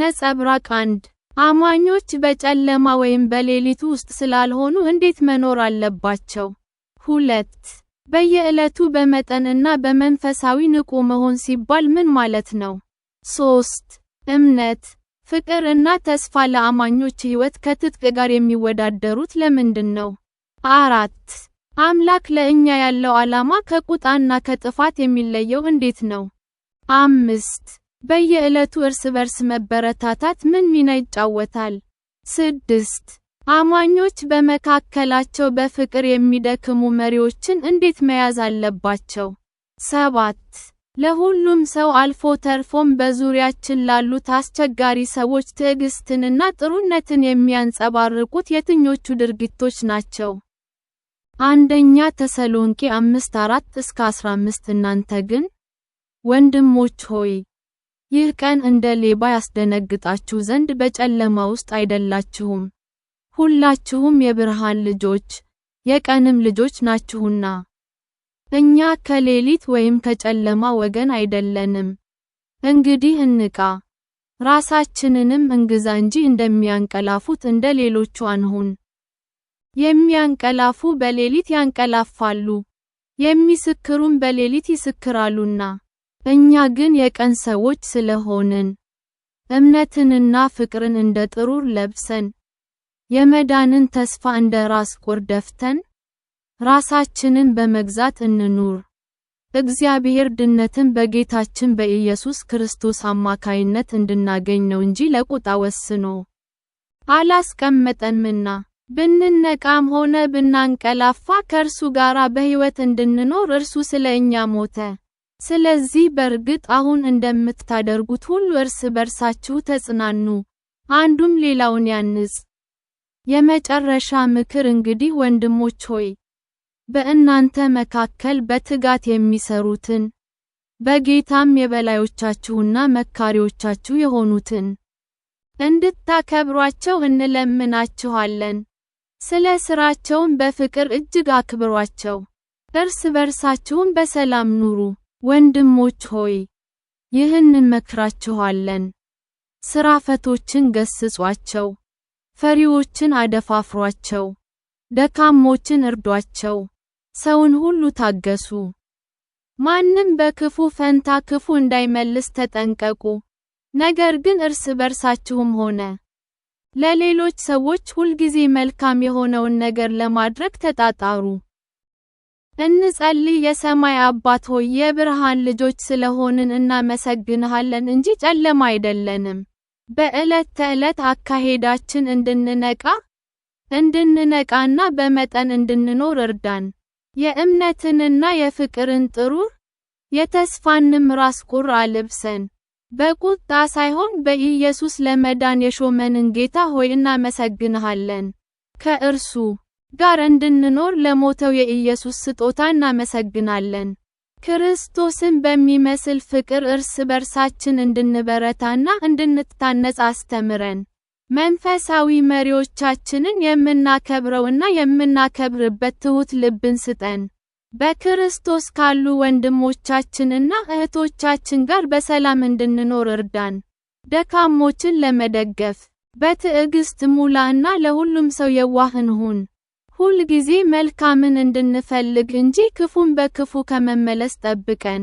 ነጸብራቅ አንድ አማኞች በጨለማ ወይም በሌሊት ውስጥ ስላልሆኑ እንዴት መኖር አለባቸው? ሁለት በየዕለቱ በመጠንና በመንፈሳዊ ንቁ መሆን ሲባል ምን ማለት ነው? ሶስት እምነት፣ ፍቅር እና ተስፋ ለአማኞች ሕይወት ከትጥቅ ጋር የሚወዳደሩት ለምንድን ነው? አራት አምላክ ለእኛ ያለው ዓላማ ከቁጣና ከጥፋት የሚለየው እንዴት ነው? አምስት በየዕለቱ እርስ በርስ መበረታታት ምን ሚና ይጫወታል? ስድስት አማኞች በመካከላቸው በፍቅር የሚደክሙ መሪዎችን እንዴት መያዝ አለባቸው? ሰባት ለሁሉም ሰው አልፎ ተርፎም በዙሪያችን ላሉት አስቸጋሪ ሰዎች ትዕግስትንና ጥሩነትን የሚያንጸባርቁት የትኞቹ ድርጊቶች ናቸው? አንደኛ ተሰሎንቄ 5:4-15 እናንተ ግን ወንድሞች ሆይ ይህ ቀን እንደ ሌባ ያስደነግጣችሁ ዘንድ በጨለማ ውስጥ አይደላችሁም። ሁላችሁም የብርሃን ልጆች፣ የቀንም ልጆች ናችሁና። እኛ ከሌሊት ወይም ከጨለማ ወገን አይደለንም። እንግዲህ እንቃ፣ ራሳችንንም እንግዛ እንጂ እንደሚያንቀላፉት እንደ ሌሎቹ አንሁን። የሚያንቀላፉ በሌሊት ያንቀላፋሉ፣ የሚስክሩም በሌሊት ይስክራሉና። እኛ ግን የቀን ሰዎች ስለሆንን እምነትንና ፍቅርን እንደ ጥሩር ለብሰን የመዳንን ተስፋ እንደ ራስ ቁር ደፍተን ራሳችንን በመግዛት እንኑር። እግዚአብሔር ድነትን በጌታችን በኢየሱስ ክርስቶስ አማካይነት እንድናገኝ ነው እንጂ ለቁጣ ወስኖ አላስቀመጠንምና። ብንነቃም ሆነ ብናንቀላፋ ከእርሱ ጋር በሕይወት እንድንኖር እርሱ ስለ እኛ ሞተ። ስለዚህ በእርግጥ አሁን እንደምታደርጉት ሁሉ እርስ በርሳችሁ ተጽናኑ፣ አንዱም ሌላውን ያንጽ። የመጨረሻ ምክር እንግዲህ ወንድሞች ሆይ፣ በእናንተ መካከል በትጋት የሚሰሩትን በጌታም የበላዮቻችሁና መካሪዎቻችሁ የሆኑትን እንድታከብሯቸው እንለምናችኋለን። ስለ ሥራቸውም በፍቅር እጅግ አክብሯቸው፣ እርስ በርሳችሁም በሰላም ኑሩ። ወንድሞች ሆይ ይህን እንመክራችኋለን። ስራፈቶችን ገስጿቸው፣ ፈሪዎችን አደፋፍሯቸው፣ ደካሞችን እርዷቸው፣ ሰውን ሁሉ ታገሱ። ማንም በክፉ ፈንታ ክፉ እንዳይመልስ ተጠንቀቁ። ነገር ግን እርስ በርሳችሁም ሆነ ለሌሎች ሰዎች ሁልጊዜ መልካም የሆነውን ነገር ለማድረግ ተጣጣሩ። እንጸልይ። የሰማይ አባት ሆይ የብርሃን ልጆች ስለሆንን እናመሰግንሃለን እንጂ ጨለማ አይደለንም። በዕለት ተዕለት አካሄዳችን እንድንነቃ እንድንነቃና በመጠን እንድንኖር እርዳን። የእምነትንና የፍቅርን ጥሩር የተስፋንም ራስ ቁር አልብሰን። በቁጣ ሳይሆን በኢየሱስ ለመዳን የሾመንን ጌታ ሆይ እናመሰግንሃለን። ከእርሱ ጋር እንድንኖር ለሞተው የኢየሱስ ስጦታ እናመሰግናለን። ክርስቶስን በሚመስል ፍቅር እርስ በርሳችን እንድንበረታና እንድንታነጽ አስተምረን። መንፈሳዊ መሪዎቻችንን የምናከብረውና የምናከብርበት ትሑት ልብን ስጠን። በክርስቶስ ካሉ ወንድሞቻችንና እህቶቻችን ጋር በሰላም እንድንኖር እርዳን። ደካሞችን ለመደገፍ በትዕግስት ሙላና ለሁሉም ሰው የዋህ እንሁን። ሁል ጊዜ መልካምን እንድንፈልግ እንጂ ክፉን በክፉ ከመመለስ ጠብቀን።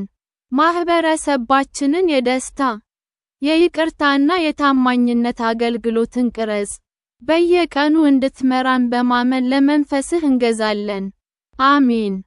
ማህበረሰባችንን የደስታ፣ የይቅርታና የታማኝነት አገልግሎትን ቅረጽ። በየቀኑ እንድትመራን በማመን ለመንፈስህ እንገዛለን። አሚን።